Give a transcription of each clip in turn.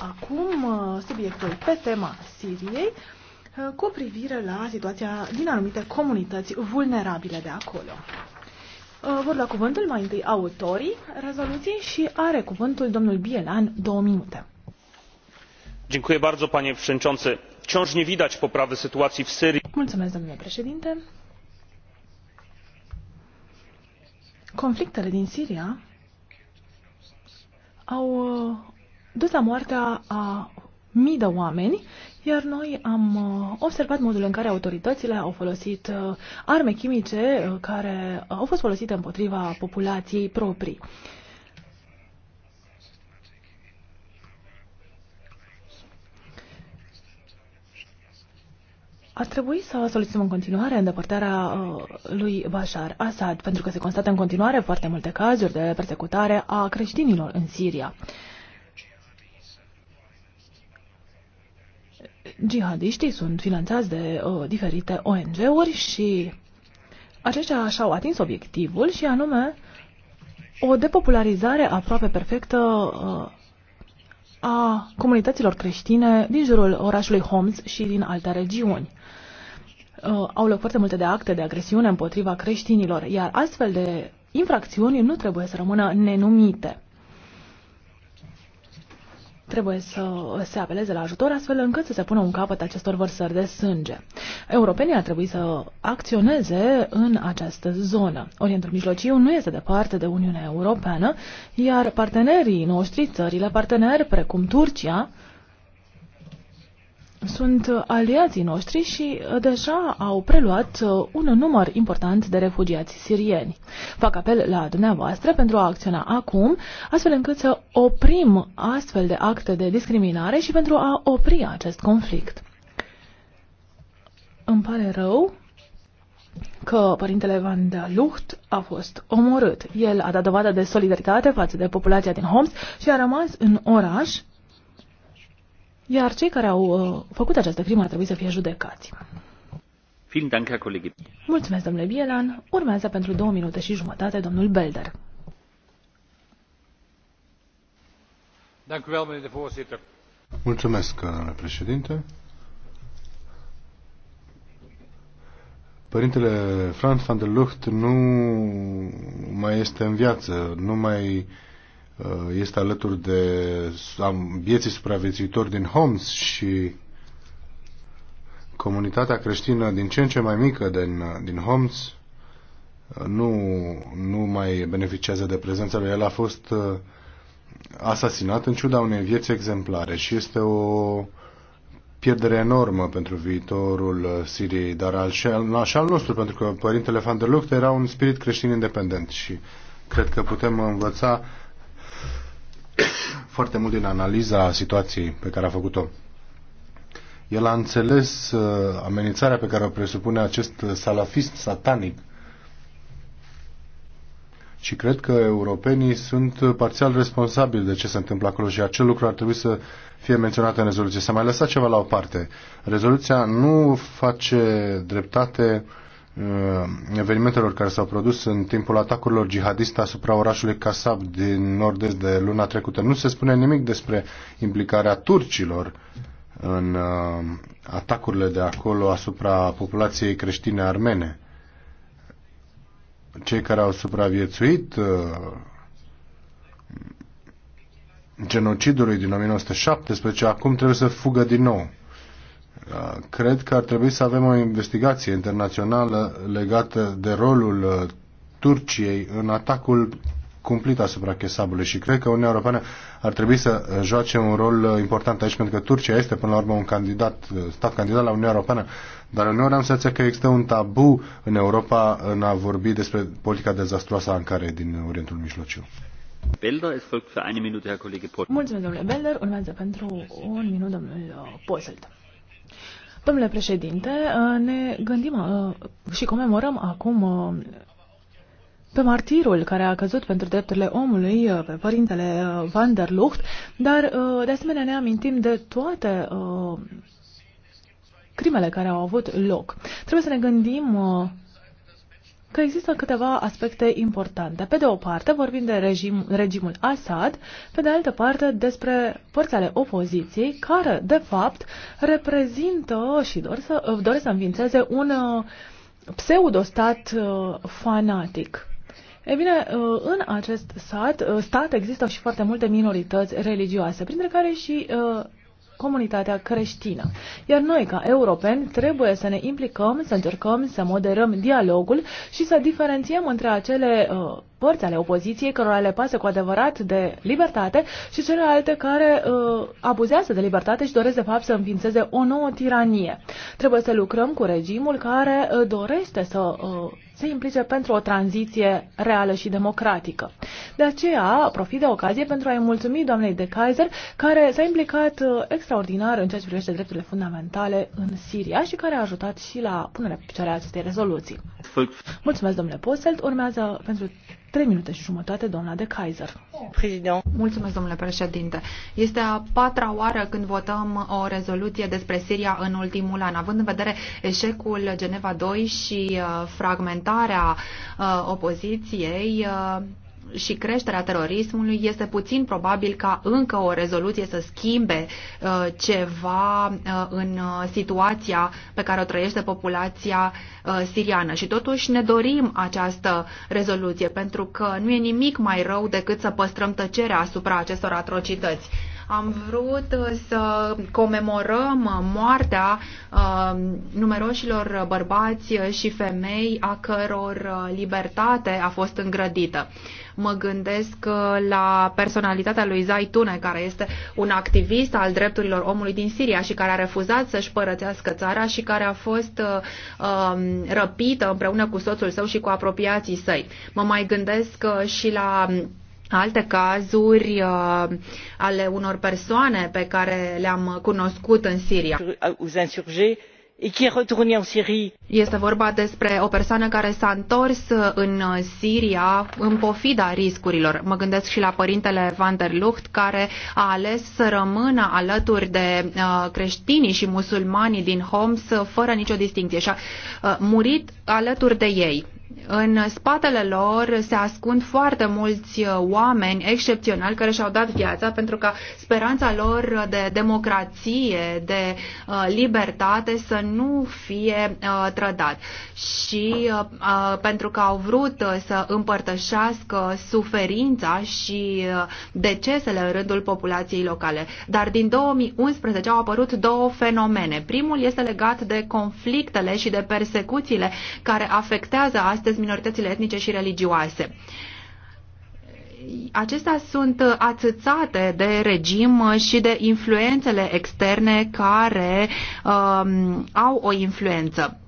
acum uh, subiectul pe tema Siriei uh, cu privire la situația din anumite comunități vulnerabile de acolo. Uh, vor lua cuvântul mai întâi autorii rezoluției și are cuvântul domnul Bielan două minute. Dziękuję bardzo, panie przewodniczący. Wciąż nie widać poprawy sytuacji w Syrii. Mulțumesc, domnule președinte. Conflictele din Siria au dus la moartea a mii de oameni, iar noi am uh, observat modul în care autoritățile au folosit uh, arme chimice uh, care au fost folosite împotriva populației proprii. Ar trebui să solicităm în continuare îndepărtarea lui Bashar Assad, pentru că se constată în continuare foarte multe cazuri de persecutare a creștinilor în Siria. Jihadiștii sunt finanțați de uh, diferite ONG-uri și aceștia și-au atins obiectivul și anume o depopularizare aproape perfectă uh, a comunităților creștine din jurul orașului Homs și din alte regiuni. Uh, au loc foarte multe de acte de agresiune împotriva creștinilor, iar astfel de infracțiuni nu trebuie să rămână nenumite trebuie să se apeleze la ajutor astfel încât să se pună un capăt acestor vărsări de sânge. Europenii ar trebui să acționeze în această zonă. Orientul Mijlociu nu este departe de Uniunea Europeană, iar partenerii noștri, țările parteneri precum Turcia, sunt uh, aliații noștri și uh, deja au preluat uh, un număr important de refugiați sirieni. Fac apel la dumneavoastră pentru a acționa acum, astfel încât să oprim astfel de acte de discriminare și pentru a opri acest conflict. Îmi pare rău că părintele Van de Lucht a fost omorât. El a dat dovadă de solidaritate față de populația din Homs și a rămas în oraș iar cei care au uh, făcut această crimă ar trebui să fie judecați. Mulțumesc, domnule Bielan. Urmează pentru două minute și jumătate domnul Belder. Mulțumesc, domnule președinte. Părintele Franz van der Lucht nu mai este în viață, nu mai Uh, este alături de vieții supraviețuitori din Homs și comunitatea creștină din ce în ce mai mică din, din Homs uh, nu, nu mai beneficiază de prezența lui. El a fost uh, asasinat în ciuda unei vieți exemplare și este o pierdere enormă pentru viitorul Siriei, dar al, și al nostru, pentru că părintele Van der Lucht era un spirit creștin independent și cred că putem învăța foarte mult din analiza situației pe care a făcut-o. El a înțeles uh, amenințarea pe care o presupune acest salafist satanic și cred că europenii sunt parțial responsabili de ce se întâmplă acolo și acel lucru ar trebui să fie menționat în rezoluție. S-a mai lăsat ceva la o parte. Rezoluția nu face dreptate Uh, evenimentelor care s-au produs în timpul atacurilor jihadiste asupra orașului Kasab din nord-est de luna trecută. Nu se spune nimic despre implicarea turcilor în uh, atacurile de acolo asupra populației creștine armene. Cei care au supraviețuit uh, genocidului din 1917 acum trebuie să fugă din nou Uh, cred că ar trebui să avem o investigație internațională legată de rolul uh, Turciei în atacul cumplit asupra Chesabului și cred că Uniunea Europeană ar trebui să uh, joace un rol important aici, pentru că Turcia este până la urmă un candidat, stat candidat la Uniunea Europeană, dar uneori am senzația că există un tabu în Europa în a vorbi despre politica dezastruoasă în care din Orientul Mijlociu. Belder, es folgt für eine Minute Herr Kollege Mulțumesc, domnule Belder. Urmează pentru un minut, domnul Poselt. Domnule președinte, uh, ne gândim uh, și comemorăm acum uh, pe martirul care a căzut pentru drepturile omului, pe părintele Van der Lucht, dar de asemenea ne amintim de toate crimele care au avut loc. Trebuie să ne gândim că există câteva aspecte importante. Pe de o parte vorbim de regim, regimul Assad, pe de altă parte despre părți ale opoziției care, de fapt, reprezintă și doresc să, dor să înființeze un uh, pseudostat uh, fanatic. E bine, uh, în acest sat, stat există și foarte multe minorități religioase, printre care și comunitatea creștină. Iar noi, ca europeni, trebuie să ne implicăm, să încercăm să moderăm dialogul și să diferențiem între acele uh, părți ale opoziției cărora le pasă cu adevărat de libertate și celelalte care uh, abuzează de libertate și doresc de fapt să înființeze o nouă tiranie. Trebuie să lucrăm cu regimul care uh, dorește să uh, se implice pentru o tranziție reală și democratică. De aceea profit de ocazie pentru a-i mulțumi doamnei de Kaiser, care s-a implicat uh, extraordinar în ceea ce privește drepturile fundamentale în Siria și care a ajutat și la punerea pe picioare a acestei rezoluții. Mulțumesc, domnule Postelt. Urmează pentru Trei minute și jumătate, doamna de Kaiser. President. Mulțumesc, domnule președinte. Este a patra oară când votăm o rezoluție despre Siria în ultimul an, având în vedere eșecul Geneva 2 și uh, fragmentarea uh, opoziției. Uh, și creșterea terorismului, este puțin probabil ca încă o rezoluție să schimbe uh, ceva uh, în uh, situația pe care o trăiește populația siriană. Și totuși ne dorim această rezoluție, pentru că nu e nimic mai rău decât să păstrăm tăcerea asupra acestor atrocități. Am vrut uh, să comemorăm uh, moartea uh, numeroșilor bărbați și femei a căror libertate a fost îngrădită. Mă gândesc la personalitatea lui Tune, care este un activist al drepturilor omului din Siria și care a refuzat să-și părățească țara și care a fost um, răpită împreună cu soțul său și cu apropiații săi. Mă mai gândesc și la um, alte cazuri uh, ale unor persoane pe care le-am cunoscut în Siria. Este vorba despre o persoană care s-a întors în Siria în pofida riscurilor. Mă gândesc și la părintele Van der Lucht, care a ales să rămână alături de uh, creștinii și musulmanii din Homs fără nicio distinție și a uh, murit alături de ei. În spatele lor se ascund foarte mulți uh, oameni excepționali care și-au dat viața pentru ca speranța lor de democrație, de uh, libertate să nu fie uh, trădat și pentru că au vrut să împărtășească suferința și decesele în rândul populației locale. Dar din 2011 au apărut două fenomene. Primul este legat de conflictele și de persecuțiile care afectează astăzi minoritățile etnice și religioase acestea sunt atâțate de regim și de influențele externe care um, au o influență.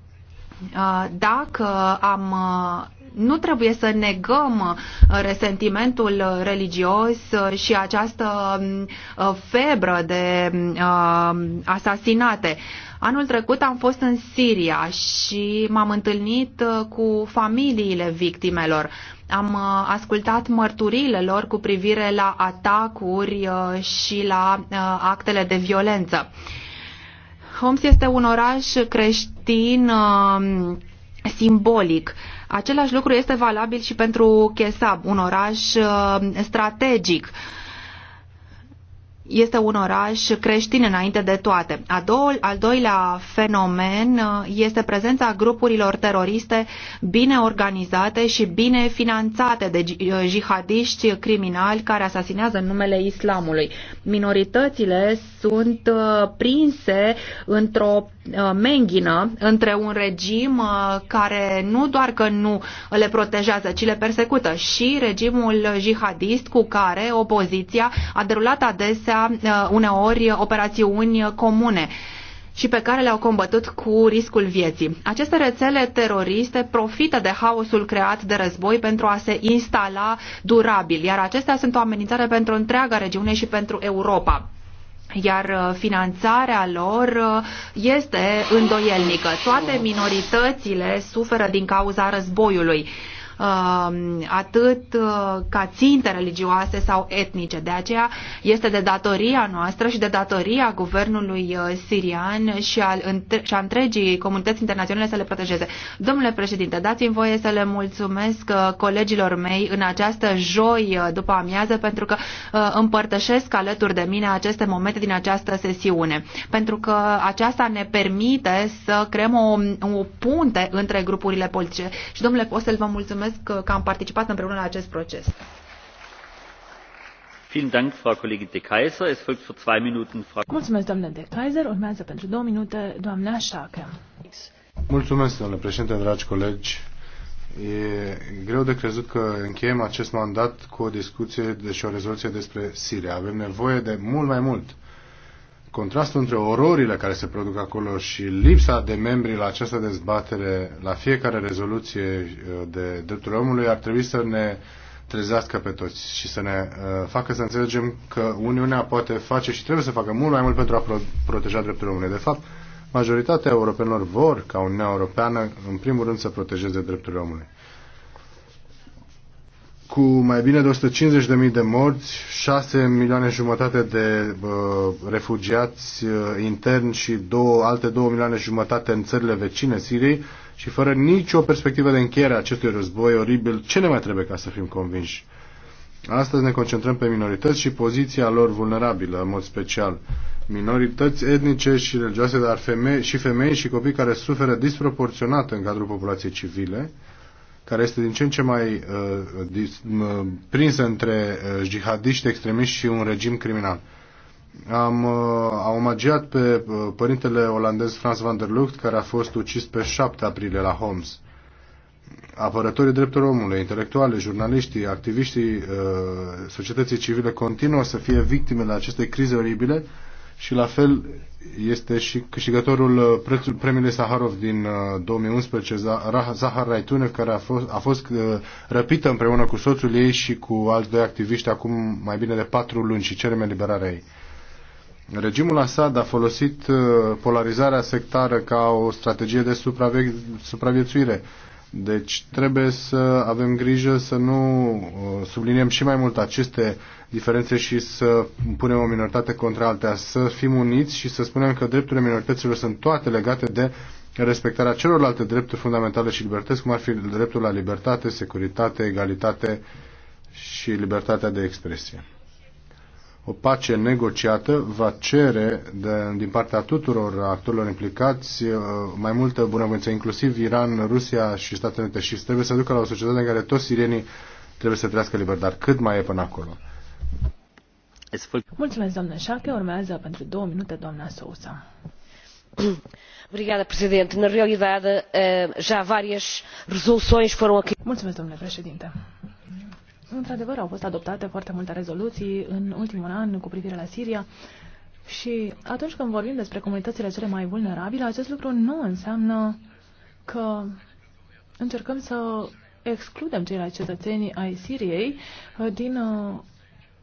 Uh, dacă am uh, nu trebuie să negăm uh, resentimentul religios și această um, febră de um, asasinate. Anul trecut am fost în Siria și m-am întâlnit uh, cu familiile victimelor. Am uh, ascultat mărturiile lor cu privire la atacuri uh, și la actele de violență. Homs este un oraș creștin um, simbolic. Același lucru este valabil și pentru Chesab, un oraș strategic este un oraș creștin înainte de toate. A dou- al doilea fenomen uh, este prezența grupurilor teroriste bine organizate și bine finanțate de uh, jihadiști criminali care asasinează în numele islamului. Minoritățile sunt uh, prinse într-o Uh, menghină între un regim uh, care nu doar că nu le protejează, ci le persecută și regimul jihadist cu care opoziția a derulat adesea uh, uneori operațiuni comune și pe care le-au combătut cu riscul vieții. Aceste rețele teroriste profită de haosul creat de război pentru a se instala durabil, iar acestea sunt o amenințare pentru întreaga regiune și pentru Europa iar uh, finanțarea lor uh, este îndoielnică. Toate minoritățile suferă din cauza războiului Um, atât uh, ca ținte religioase sau etnice. De aceea este de datoria noastră și de datoria guvernului uh, sirian și, al, și a întregii comunități internaționale să le protejeze. Domnule președinte, dați-mi voie să le mulțumesc uh, colegilor mei în această joi după amiază pentru că împărtășesc alături de mine aceste momente din această sesiune. Pentru că aceasta ne permite să creăm o, o punte între grupurile politice. Și domnule Postel, vă mulțumesc mulțumesc că am participat împreună la acest proces. Mulțumesc, doamnă de Kaiser. Urmează pentru două minute doamna Șacă. Mulțumesc, domnule președinte, dragi colegi. E greu de crezut că încheiem acest mandat cu o discuție și o rezoluție despre Siria. Avem nevoie de mult mai mult contrastul între ororile care se produc acolo și lipsa de membri la această dezbatere, la fiecare rezoluție uh, de drepturile omului, ar trebui să ne trezească pe toți și să ne uh, facă să înțelegem că Uniunea poate face și trebuie să facă mult mai mult pentru a pro- proteja drepturile omului. De fapt, majoritatea europenilor vor ca Uniunea Europeană, în primul rând, să protejeze drepturile omului cu mai bine de 150.000 de morți, 6 milioane jumătate de uh, refugiați uh, interni și două, alte 2 milioane jumătate în țările vecine Siriei și fără nicio perspectivă de încheiere a acestui război oribil, ce ne mai trebuie ca să fim convinși? Astăzi ne concentrăm pe minorități și poziția lor vulnerabilă, în mod special. Minorități etnice și religioase, dar femei, și femei și copii care suferă disproporționat în cadrul populației civile, uh, care este din ce în ce mai uh, prinsă între uh, jihadiști extremiști și un regim criminal. Am uh, omagiat pe uh, părintele olandez Franz van der Lucht, care a fost ucis pe 7 aprilie la Homs. Apărătorii drepturilor omului, intelectuale, jurnaliștii, activiștii uh, societății civile continuă să fie victimele acestei crize oribile și la fel este și câștigătorul uh, premiului Saharov din 2011, uh, Zahar Raitunev, care a fost, a fost uh, răpită împreună cu soțul ei și cu alți doi activiști acum mai bine de patru luni și cerem eliberarea ei. Regimul Assad a folosit polarizarea sectară ca o strategie de supraviețuire. Deci trebuie să avem grijă să nu uh, subliniem și mai mult aceste diferențe și să punem o minoritate contra altea, să fim uniți și să spunem că drepturile minorităților sunt toate legate de respectarea celorlalte drepturi fundamentale și libertăți, cum ar fi dreptul la libertate, securitate, egalitate și libertatea de expresie. O pace negociată va cere de, din partea tuturor actorilor implicați uh, mai multă bunăvoință, inclusiv Iran, Rusia și Statele Unite și trebuie să ducă la o societate în care toți sirienii trebuie să trăiască liber, dar cât mai e până acolo. Mulțumesc, doamnă Șache. Urmează pentru două minute doamna Sousa. Obrigada, Presidente. Na realidade, eh, já várias resoluções foram aqui. Mulțumesc, domnule președinte. Într-adevăr, au fost adoptate foarte multe rezoluții în ultimul an cu privire la Siria și atunci când vorbim despre comunitățile cele mai vulnerabile, acest lucru nu înseamnă că încercăm să excludem ceilalți cetățeni ai Siriei uh, din uh,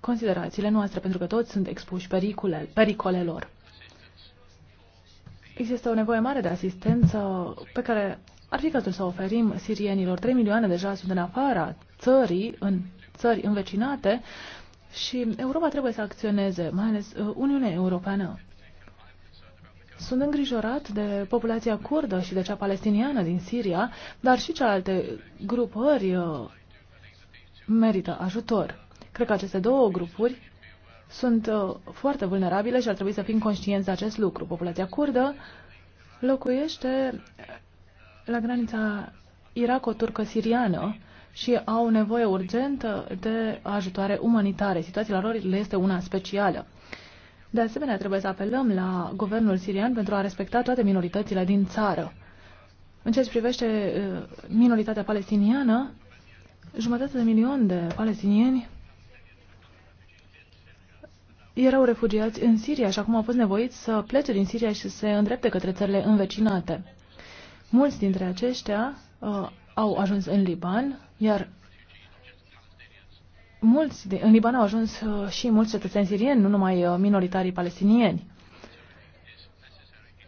considerațiile noastre, pentru că toți sunt expuși pericole, pericolelor. Există o nevoie mare de asistență pe care ar fi cazul să oferim sirienilor. 3 milioane deja sunt în afara țării, în țări învecinate și Europa trebuie să acționeze, mai ales uh, Uniunea Europeană. Sunt îngrijorat de populația kurdă și de cea palestiniană din Siria, dar și cealaltă grupări uh, merită ajutor. Cred că aceste două grupuri sunt uh, foarte vulnerabile și ar trebui să fim conștienți de acest lucru. Populația kurdă locuiește la granița iraco-turcă-siriană și au nevoie urgentă de ajutoare umanitare. Situația lor le este una specială. De asemenea, trebuie să apelăm la guvernul sirian pentru a respecta toate minoritățile din țară. În ceea ce privește uh, minoritatea palestiniană, jumătate de milion de palestinieni erau refugiați în Siria și acum au fost nevoiți să plece din Siria și să se îndrepte către țările învecinate. Mulți dintre aceștia uh, au ajuns în Liban, iar mulți de, în Liban au ajuns uh, și mulți cetățeni sirieni, nu numai uh, minoritarii palestinieni.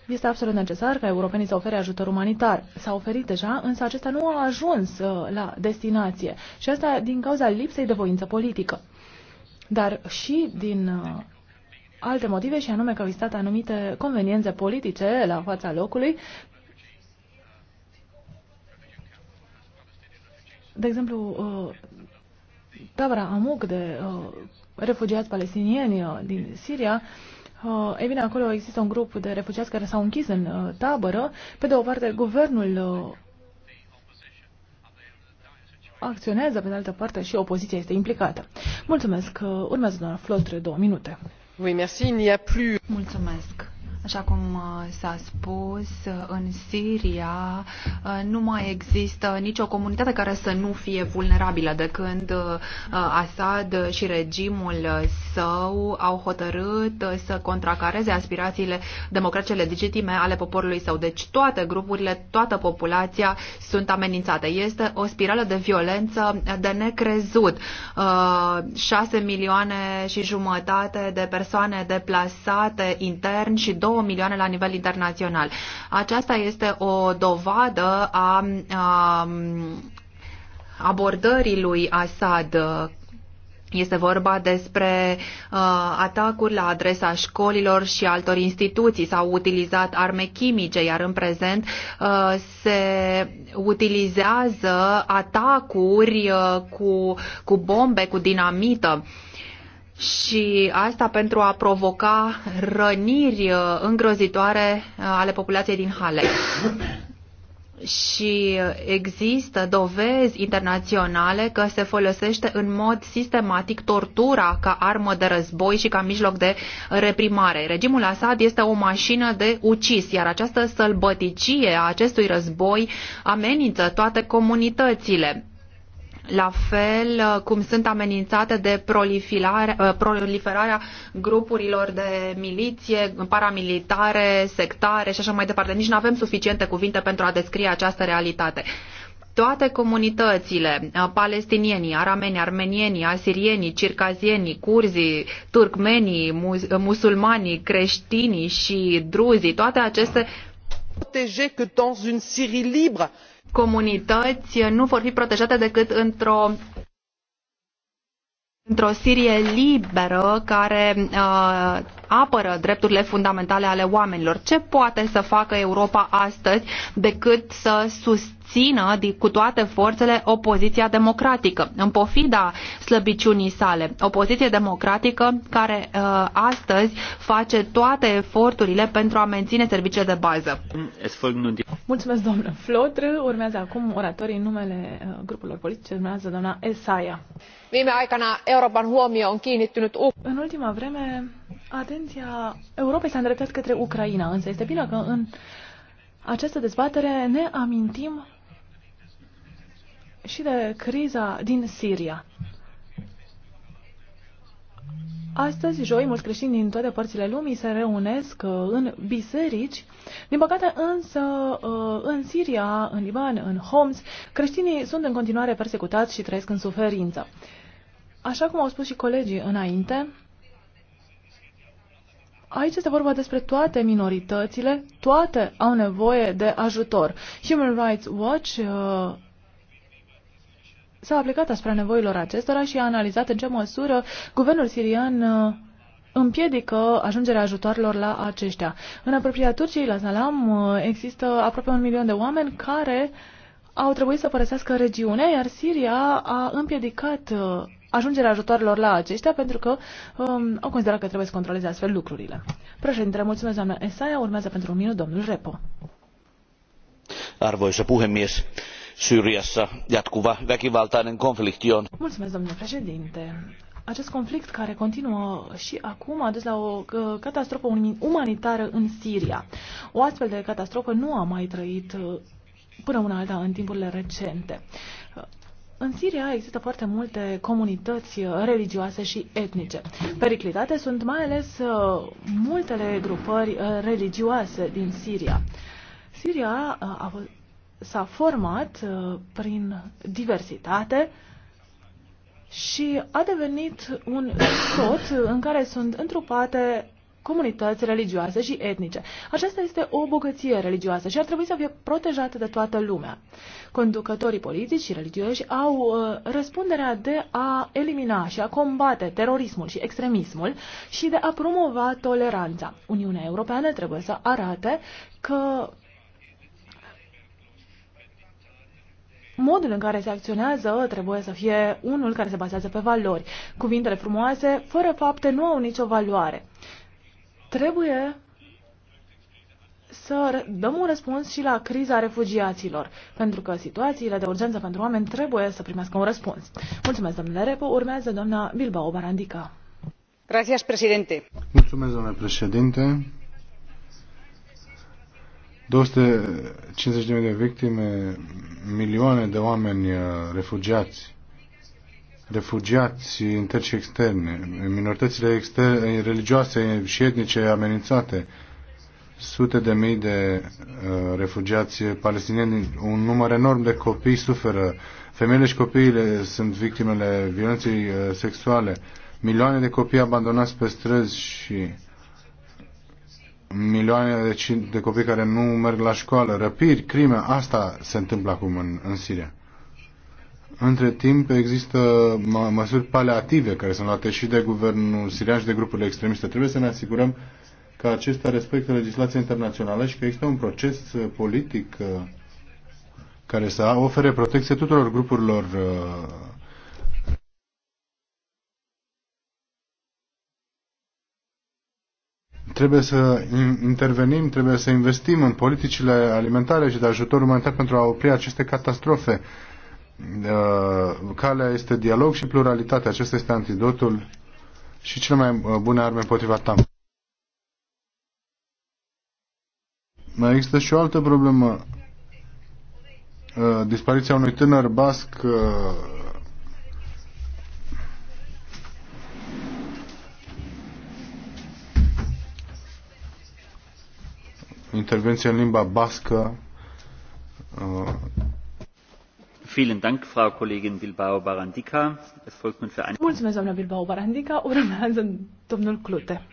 Este absolut necesar ca europenii să ofere ajutor umanitar. S-a oferit deja, însă acesta nu a ajuns uh, la destinație și asta din cauza lipsei de voință politică. Dar și din alte motive și anume că au existat anumite conveniențe politice la fața locului de exemplu, uh, tabăra Amuk de uh, refugiați palestinieni uh, din Siria, ei bine, acolo există un grup de refugiați care s-au închis în tabără. Pe de o parte, guvernul acționează, pe de altă parte și opoziția este implicată. Mulțumesc. Urmează doamna Flotre două minute. Oui, merci. Il n'y a plus... Mulțumesc Așa cum uh, s-a spus, uh, în Siria uh, nu mai există nicio comunitate care să nu fie vulnerabilă de când Assad și regimul său au hotărât să contracareze aspirațiile democratice legitime ale poporului său. Deci toate grupurile, toată populația sunt amenințate. Este o spirală de violență de necrezut. 6 milioane și jumătate de persoane deplasate intern și 2 2 milioane la nivel internațional. Aceasta este o dovadă a, a abordării lui Assad este vorba despre uh, atacuri la adresa școlilor și altor instituții. S-au utilizat arme chimice, iar în prezent uh, se utilizează atacuri uh, cu, cu bombe, cu dinamită. Uh, și asta pentru a provoca răniri uh, îngrozitoare uh, ale populației din Halep. și există dovezi internaționale că se folosește în mod sistematic tortura ca armă de război și ca mijloc de reprimare. Regimul Assad este o mașină de ucis, iar această sălbăticie a acestui război amenință toate comunitățile la fel uh, cum sunt amenințate de uh, proliferarea grupurilor de miliție, paramilitare, sectare și așa mai departe. Nici nu avem suficiente cuvinte pentru a descrie această realitate. Toate comunitățile, uh, palestinienii, arameni, armenienii, asirienii, circazienii, curzii, turcmenii, musulmanii, creștinii și druzii, toate aceste protégées que dans une Syrie libre comunități nu vor fi protejate decât într-o într-o Sirie liberă care uh, apără drepturile fundamentale ale oamenilor. Ce poate să facă Europa astăzi decât să susțină susțină cu toate forțele opoziția democratică, în pofida slăbiciunii sale. Opoziție democratică care uh, astăzi face toate eforturile pentru a menține serviciile de bază. Mulțumesc, domnule Flotr. Urmează acum oratorii în numele uh, grupurilor politice. Urmează doamna Esaia. Viime aikana Euroopan huomio on kiinnittynyt... În ultima vreme, atenția Europei s-a îndreptat către Ucraina, însă este bine că în această dezbatere ne amintim și de criza din Siria. Astăzi, joi, mulți creștini din toate părțile lumii se reunesc uh, în biserici. Din păcate, însă, uh, în Siria, în Liban, în Homs, creștinii sunt în continuare persecutați și trăiesc în suferință. Așa cum au spus și colegii înainte, Aici este vorba despre toate minoritățile, toate au nevoie de ajutor. Human Rights Watch uh, s-a aplicat asupra nevoilor acestora și a analizat în ce măsură guvernul sirian uh, împiedică ajungerea ajutoarelor la aceștia. În apropierea Turciei, la Salam, uh, există aproape un milion de oameni care au trebuit să părăsească regiunea, iar Siria a împiedicat uh, ajungerea ajutoarelor la aceștia pentru că um, au considerat că trebuie să controleze astfel lucrurile. Președintele, mulțumesc doamna Esaia, urmează pentru un minut domnul Repo. Arvoisa puhemies, Syyriassa jatkuva väkivaltainen konflikti on. domnule președinte. Acest conflict care continuă și acum a dus la o uh, catastrofă umanitară în Siria. O astfel de catastrofă nu a mai trăit uh, până una alta în timpurile recente. Uh, în Siria există foarte multe comunități religioase și etnice. Periclitate sunt mai ales multele grupări religioase din Siria. Siria a fost s-a format uh, prin diversitate și a devenit un tot în care sunt întrupate comunități religioase și etnice. Aceasta este o bogăție religioasă și ar trebui să fie protejată de toată lumea. Conducătorii politici și religioși au uh, răspunderea de a elimina și a combate terorismul și extremismul și de a promova toleranța. Uniunea Europeană trebuie să arate că modul în care se acționează trebuie să fie unul care se bazează pe valori. Cuvintele frumoase, fără fapte, nu au nicio valoare. Trebuie să dăm un răspuns și la criza refugiaților, pentru că situațiile de urgență pentru oameni trebuie să primească un răspuns. Mulțumesc, domnule Repo. Urmează doamna Bilbao Barandica. Gracias, președinte. Mulțumesc, domnule președinte. 250.000 de victime, milioane de oameni uh, refugiați, refugiați interni și externe, minoritățile externe, religioase și etnice amenințate, sute de mii de uh, refugiați palestinieni, un număr enorm de copii suferă, femeile și copiile sunt victimele violenței uh, sexuale, milioane de copii abandonați pe străzi și milioane de, de copii care nu merg la școală, răpiri, crime, asta se întâmplă acum în, în Siria. Între timp există mă, măsuri paliative care sunt luate și de guvernul sirian și de grupurile extremiste. Trebuie să ne asigurăm că acestea respectă legislația internațională și că există un proces uh, politic uh, care să ofere protecție tuturor grupurilor uh, Trebuie să intervenim, trebuie să investim în politicile alimentare și de ajutor umanitar pentru a opri aceste catastrofe. Uh, calea este dialog și pluralitate. Acesta este antidotul și cele mai uh, bune arme împotriva ta. Mai există și o altă problemă. Uh, dispariția unui tânăr basc intervenție în limba bască. Mulțumesc, doamna Bilbao Barandica. Urmează domnul Clute.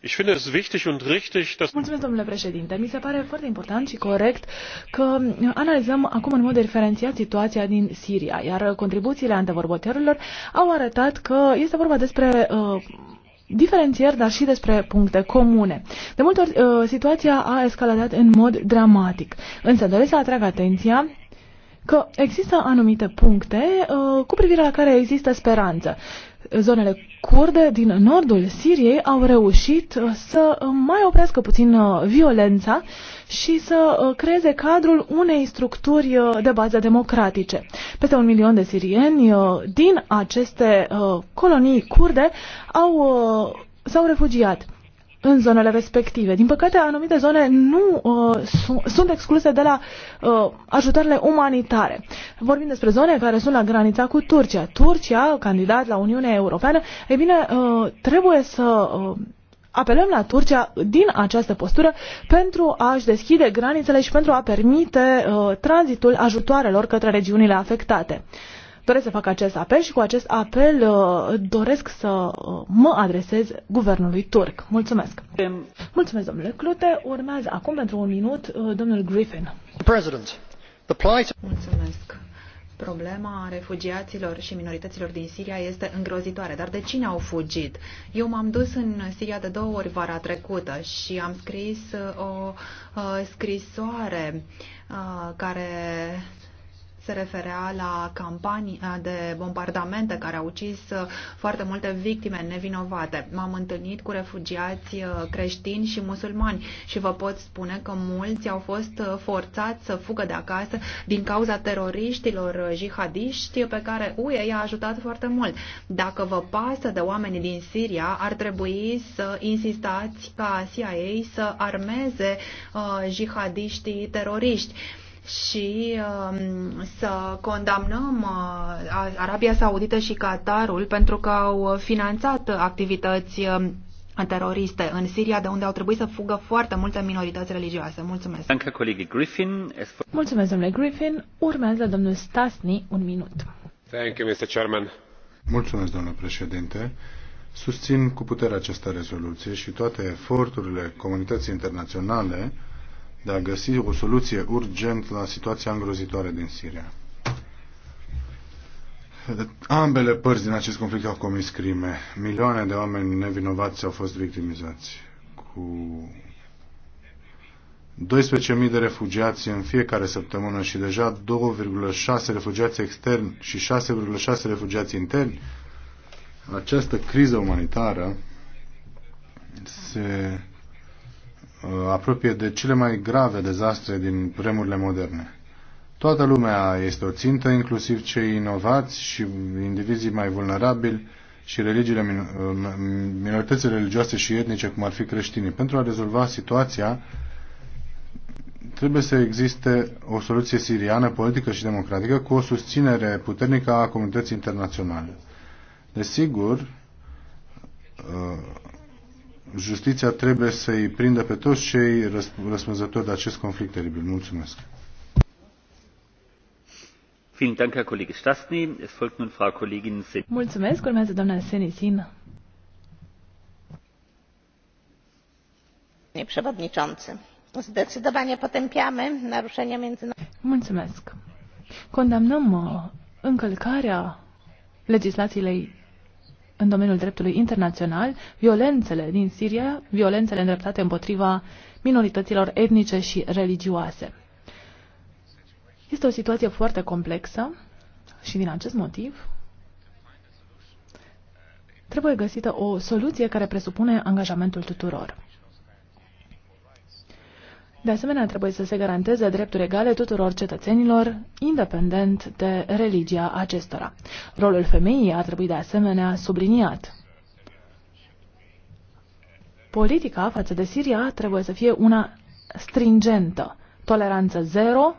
Ich finde es wichtig und richtig, dass Mulțumesc, domnule președinte. Mi se pare foarte important și corect că analizăm acum în mod diferențiat situația din Siria, iar contribuțiile antevorbătorilor au arătat că este vorba despre uh, diferențieri, dar și despre puncte comune. De multe ori, uh, situația a escaladat în mod dramatic, însă doresc să atrag atenția că există anumite puncte uh, cu privire la care există speranță zonele kurde din nordul Siriei au reușit uh, să uh, mai oprească puțin uh, violența și să creeze cadrul unei structuri de bază democratice. Peste un milion de sirieni din aceste colonii kurde au, s-au refugiat în zonele respective. Din păcate, anumite zone nu uh, sunt, sunt excluse de la uh, ajutoarele umanitare. Vorbim despre zone care sunt la granița cu Turcia. Turcia, candidat la Uniunea Europeană, e bine, uh, trebuie să uh, apelăm la Turcia din această postură pentru a-și deschide granițele și pentru a permite uh, tranzitul ajutoarelor către regiunile afectate. Uh, doresc să fac acest apel și cu acest apel uh, doresc să uh, mă adresez guvernului turc. Mulțumesc! Mulțumesc, domnule Clute. Urmează acum pentru un minut uh, domnul Griffin. President, the plight... Mulțumesc! Problema refugiaților și minorităților din Siria este îngrozitoare, dar de cine au fugit? Eu m-am dus în Siria de două ori vara trecută și am scris o scrisoare care se referea la campanii uh, de bombardamente care au ucis uh, foarte multe victime nevinovate. M-am întâlnit cu refugiați uh, creștini și musulmani și vă pot spune că mulți au fost forțați să fugă de acasă din cauza teroriștilor jihadiști pe care UE i-a ajutat foarte mult. Dacă vă pasă de oamenii din Siria, ar trebui să insistați ca CIA să armeze uh, jihadiștii teroriști. Uh, și um, să condamnăm uh, Arabia Saudită și Qatarul pentru că au finanțat activități um, teroriste în Siria, de unde au trebuit să fugă foarte multe minorități religioase. Mulțumesc. Mulțumesc, domnule Griffin. Urmează domnul Stasni, un minut. Thank you, Mr. Chairman. Mulțumesc, domnule președinte. Susțin cu putere această rezoluție și toate eforturile comunității internaționale de a găsi o soluție urgent la situația îngrozitoare din Siria. Ambele părți din acest conflict au comis crime. Milioane de oameni nevinovați au fost victimizați. Cu 12.000 de refugiați în fiecare săptămână și deja 2,6 refugiați externi și 6,6 refugiați interni, această criză umanitară se Uh, apropie de cele mai grave dezastre din vremurile moderne. Toată lumea este o țintă, inclusiv cei inovați și indivizii mai vulnerabili și religiile, uh, minoritățile religioase și etnice, cum ar fi creștinii. Pentru a rezolva situația, trebuie să existe o soluție siriană, politică și democratică, cu o susținere puternică a comunității internaționale. Desigur, uh, Justiția trebuie să-i prindă pe toți cei răspunzători de acest conflict teribil. Mulțumesc. Mulțumesc. Urmează doamna Senisin. Panie przewodniczący, zdecydowanie potępiamy naruszenia międzynarodowych. Mulțumesc. Condamnăm uh, încălcarea legislației în domeniul dreptului internațional, violențele din Siria, violențele îndreptate împotriva minorităților etnice și religioase. Este o situație foarte complexă și din acest motiv trebuie găsită o soluție care presupune angajamentul tuturor. De asemenea, trebuie să se garanteze drepturi egale tuturor cetățenilor, independent de religia acestora. Rolul femeii ar trebui de asemenea subliniat. Politica față de Siria trebuie să fie una stringentă, toleranță zero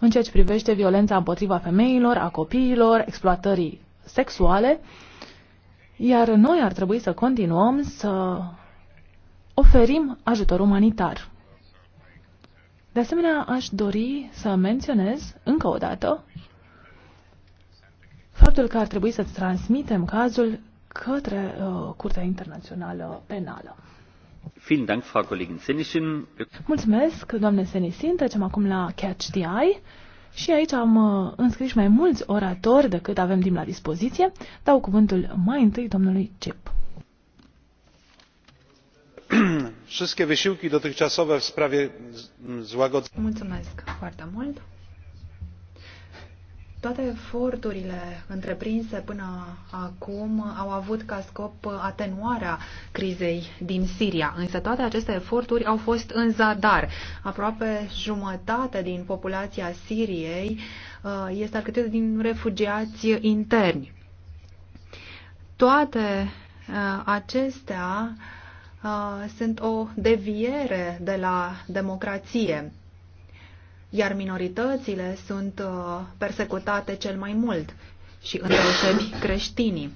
în ceea ce privește violența împotriva femeilor, a copiilor, exploatării sexuale, iar noi ar trebui să continuăm să oferim ajutor umanitar. De asemenea, aș dori să menționez încă o dată faptul că ar trebui să transmitem cazul către uh, Curtea Internațională Penală. Mulțumesc, doamne Senisin. Trecem acum la Catch the Eye. Și aici am uh, înscris mai mulți oratori decât avem timp la dispoziție. Dau cuvântul mai întâi domnului Cip wszystkie wysiłki dotychczasowe w sprawie złagodzenia. Toate eforturile întreprinse până acum au avut ca scop atenuarea crizei din Siria, însă toate aceste eforturi au fost în zadar. Aproape jumătate din populația Siriei uh, este alcătuită din refugiați interni. Toate uh, acestea sunt o deviere de la democrație, iar minoritățile sunt persecutate cel mai mult și îndeosebi creștinii.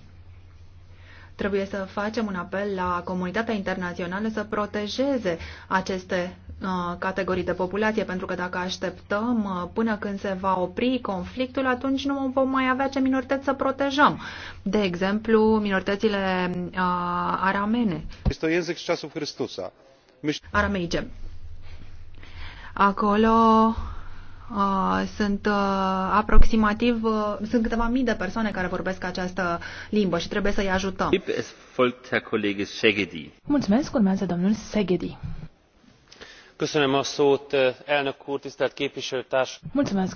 Trebuie să facem un apel la comunitatea internațională să protejeze aceste Uh, categorii de populație, pentru că dacă așteptăm uh, până când se va opri conflictul, atunci nu vom mai avea ce minorități să protejăm. De exemplu, minoritățile uh, aramene. Este Arameice. Acolo Uh, sunt uh, aproximativ uh, sunt câteva mii de persoane care vorbesc această limbă și trebuie să-i ajutăm. Mulțumesc, urmează domnul Segedi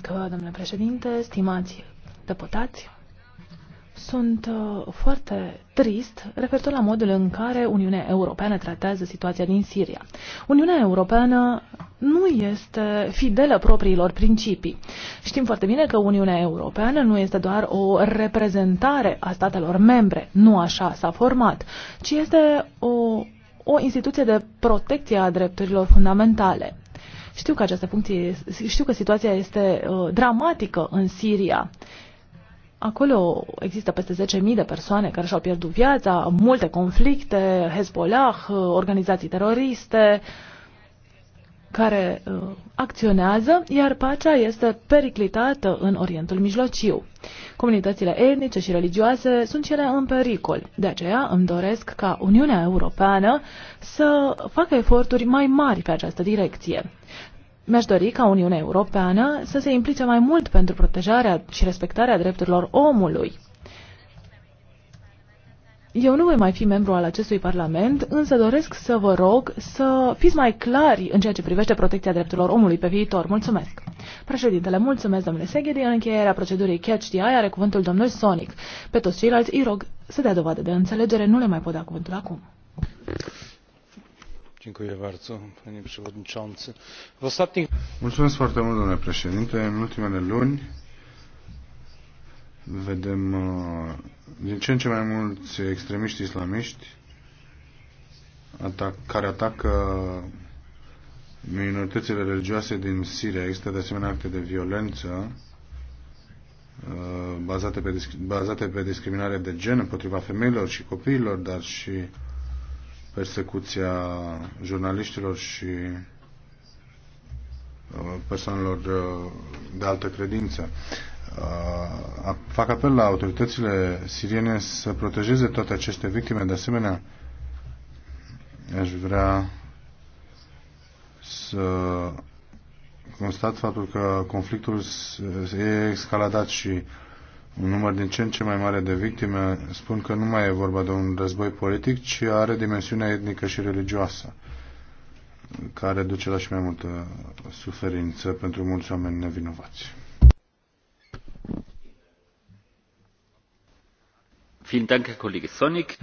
domnule președinte stimați deputați sunt uh, foarte trist referitor la modul în care Uniunea Europeană tratează situația din Siria. Uniunea Europeană nu este fidelă propriilor principii. Știm foarte bine că Uniunea Europeană nu este doar o reprezentare a statelor membre, nu așa s-a format, ci este o o instituție de protecție a drepturilor fundamentale. Știu că această funcție, știu că situația este uh, dramatică în Siria. Acolo există peste 10.000 de persoane care și-au pierdut viața, multe conflicte, Hezbollah, uh, organizații teroriste, uh, care uh, acționează, iar pacea este periclitată în Orientul Mijlociu. Comunitățile etnice și religioase sunt cele în pericol. De aceea îmi doresc ca Uniunea Europeană să facă eforturi mai mari pe această direcție. Mi-aș dori ca Uniunea Europeană să se implice mai mult pentru protejarea și respectarea drepturilor omului eu nu voi mai fi membru al acestui Parlament, însă doresc să vă rog să fiți mai clari în ceea ce privește protecția drepturilor omului pe viitor. Mulțumesc. Președintele, mulțumesc, domnule Seghedi. În încheierea procedurii Catch the Eye are cuvântul domnul Sonic. Pe toți ceilalți îi rog să dea dovadă de înțelegere. Nu le mai pot da cuvântul acum. Mulțumesc foarte mult, domnule președinte. În ultimele luni vedem uh, din ce în ce mai mulți extremiști islamiști atac, care atacă minoritățile religioase din Siria. Există de asemenea acte de violență uh, bazate pe, bazate pe discriminare de gen împotriva femeilor și copiilor, dar și persecuția jurnaliștilor și uh, persoanelor uh, de altă credință fac apel la autoritățile siriene să protejeze toate aceste victime. De asemenea, aș vrea să constat faptul că conflictul e escaladat și un număr din ce în ce mai mare de victime spun că nu mai e vorba de un război politic, ci are dimensiunea etnică și religioasă, care duce la și mai multă suferință pentru mulți oameni nevinovați.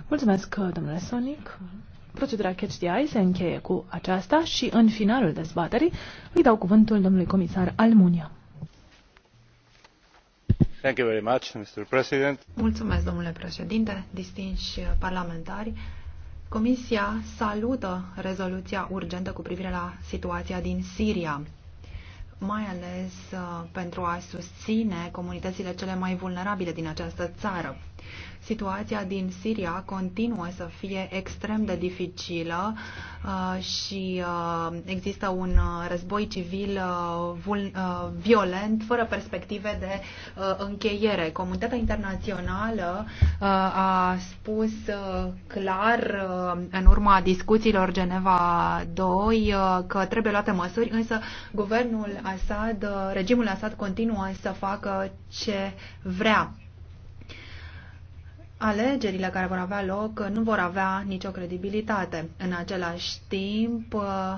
Mulțumesc, domnule Sonic. Procedura Catch the Eye se încheie cu aceasta și în finalul dezbaterii îi dau cuvântul domnului comisar Almunia. Thank you very much, Mr. President. Mulțumesc, domnule președinte, distinși parlamentari. Comisia salută rezoluția urgentă cu privire la situația din Siria, mai ales uh, pentru a susține comunitățile cele mai vulnerabile din această țară. Situația din Siria continuă să fie extrem de dificilă uh, și uh, există un uh, război civil violent, fără perspective de încheiere. Comunitatea internațională a spus clar în urma discuțiilor Geneva 2 că trebuie luate măsuri, însă guvernul Assad, regimul Assad continuă să facă ce vrea alegerile care vor avea loc nu vor avea nicio credibilitate. În același timp, uh,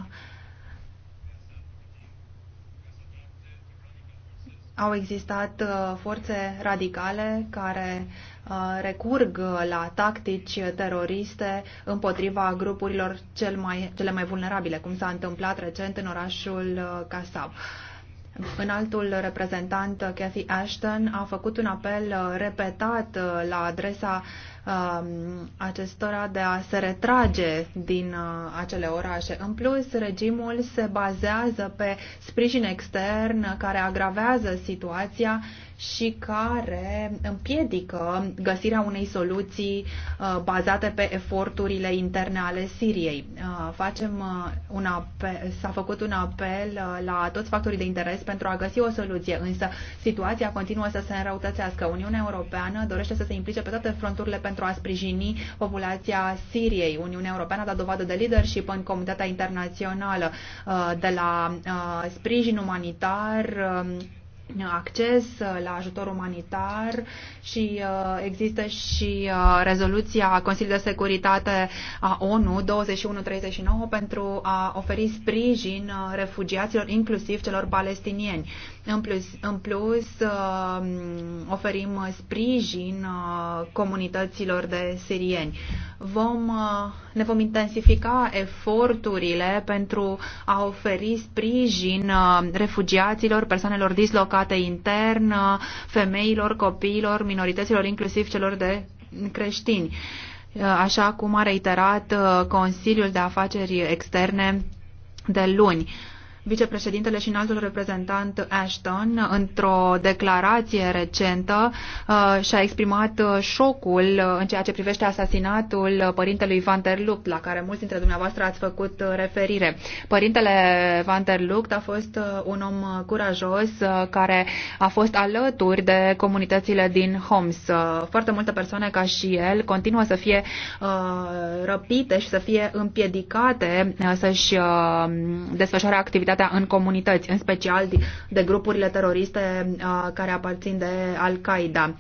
au existat uh, forțe radicale care uh, recurg la tactici teroriste împotriva grupurilor cel mai, cele mai vulnerabile, cum s-a întâmplat recent în orașul Casab. Înaltul reprezentant Cathy Ashton a făcut un apel uh, repetat uh, la adresa um, acestora de a se retrage din uh, acele orașe. În plus, regimul se bazează pe sprijin extern care agravează situația și care împiedică găsirea unei soluții uh, bazate pe eforturile interne ale Siriei. Uh, facem uh, un apel, s-a făcut un apel la toți factorii de interes pentru a găsi o soluție, însă situația continuă să se înrăutățească. Uniunea Europeană dorește să se implice pe toate fronturile pentru a sprijini populația Siriei. Uniunea Europeană a dat dovadă de leadership în comunitatea internațională, de la sprijin umanitar um, acces uh, la ajutor umanitar și uh, există și uh, rezoluția Consiliului de Securitate a ONU 2139 pentru a oferi sprijin refugiaților, inclusiv celor palestinieni. În plus, în plus um, oferim sprijin uh, comunităților de sirieni. Vom, uh, ne vom intensifica eforturile pentru a oferi sprijin uh, refugiaților, persoanelor dislocate intern, femeilor, copiilor, minorităților, inclusiv celor de creștini așa cum a reiterat Consiliul de Afaceri Externe de luni vicepreședintele și înaltul reprezentant Ashton, într-o declarație recentă, uh, și-a exprimat uh, șocul uh, în ceea ce privește asasinatul părintelui Van der Lucht, la care mulți dintre dumneavoastră ați făcut referire. Părintele Van der Lucht a fost un om curajos care a fost alături de comunitățile din Homs. Foarte multe persoane ca și el continuă să fie răpite și să fie împiedicate să-și desfășoare activitatea securitatea în comunități, în special de grupurile teroriste uh, care aparțin de Al-Qaeda.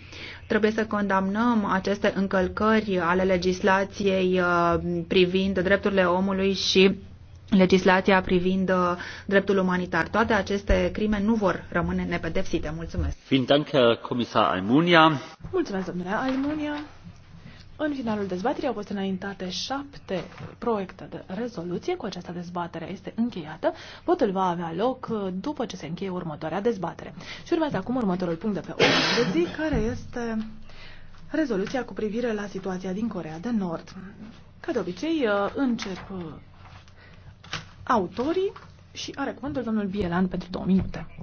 Trebuie să condamnăm aceste încălcări ale legislației uh, privind drepturile omului și legislația privind uh, dreptul umanitar. Toate aceste crime nu vor rămâne nepedepsite. Mulțumesc. Vielen Dank, Herr Kommissar Almunia. Mulțumesc, domnule Almunia. În finalul dezbaterii au fost înaintate șapte proiecte de rezoluție. Cu această dezbatere este încheiată. Votul va avea loc uh, după ce se încheie următoarea dezbatere. Și urmează acum următorul punct de pe ordine de zi, care este rezoluția cu privire la situația din Corea de Nord. Ca de obicei, uh, încep uh, autorii și are cuvântul domnul Bielan pentru două minute.